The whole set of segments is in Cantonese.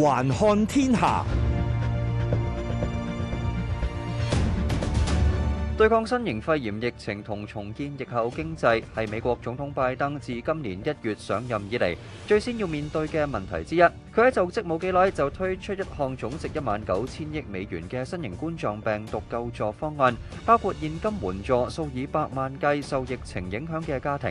環看天下，對抗新型肺炎疫情同重建疫後經濟，係美國總統拜登自今年一月上任以嚟最先要面對嘅問題之一。佢喺就職冇幾耐就推出一項總值一萬九千億美元嘅新型冠狀病毒救助方案，包括現金援助數以百萬計受疫情影響嘅家庭。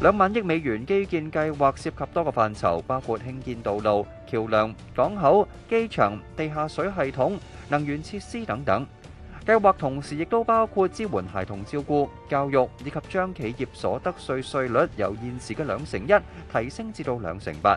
兩萬億美元基建計劃涉及多個範疇，包括興建道路、橋梁、港口、機場、地下水系統、能源設施等等。計劃同時亦都包括支援孩童照顧、教育，以及將企業所得稅稅率由現時嘅兩成一提升至到兩成八。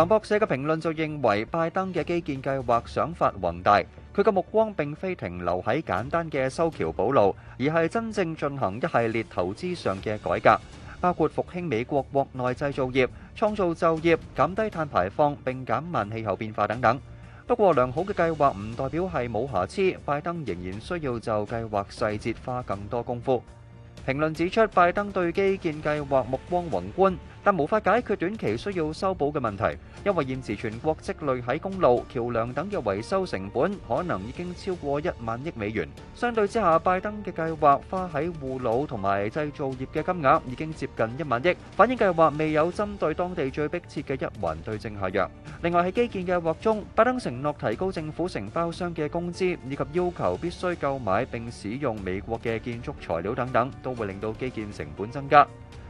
《彭博社》嘅評論就認為，拜登嘅基建計劃想法宏大，佢嘅目光並非停留喺簡單嘅修橋補路，而係真正進行一系列投資上嘅改革，包括復興美國國內製造業、創造就業、減低碳排放並減慢氣候變化等等。不過，良好嘅計劃唔代表係冇瑕疵，拜登仍然需要就計劃細節花更多功夫。評論指出，拜登對基建計劃目光宏觀。但無法解決短期需要修補嘅問題，因為現時全國積累喺公路、橋樑等嘅維修成本可能已經超過一萬億美元。相對之下，拜登嘅計劃花喺護老同埋製造業嘅金額已經接近一萬億，反映計劃未有針對當地最迫切嘅一環對症下藥。另外，喺基建計劃中，拜登承諾提高政府承包商嘅工資，以及要求必須購買並使用美國嘅建築材料等等，都會令到基建成本增加。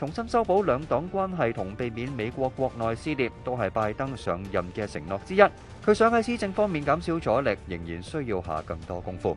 重新修補兩黨關係同避免美國國內撕裂，都係拜登上任嘅承諾之一。佢想喺施政方面減少阻力，仍然需要下更多功夫。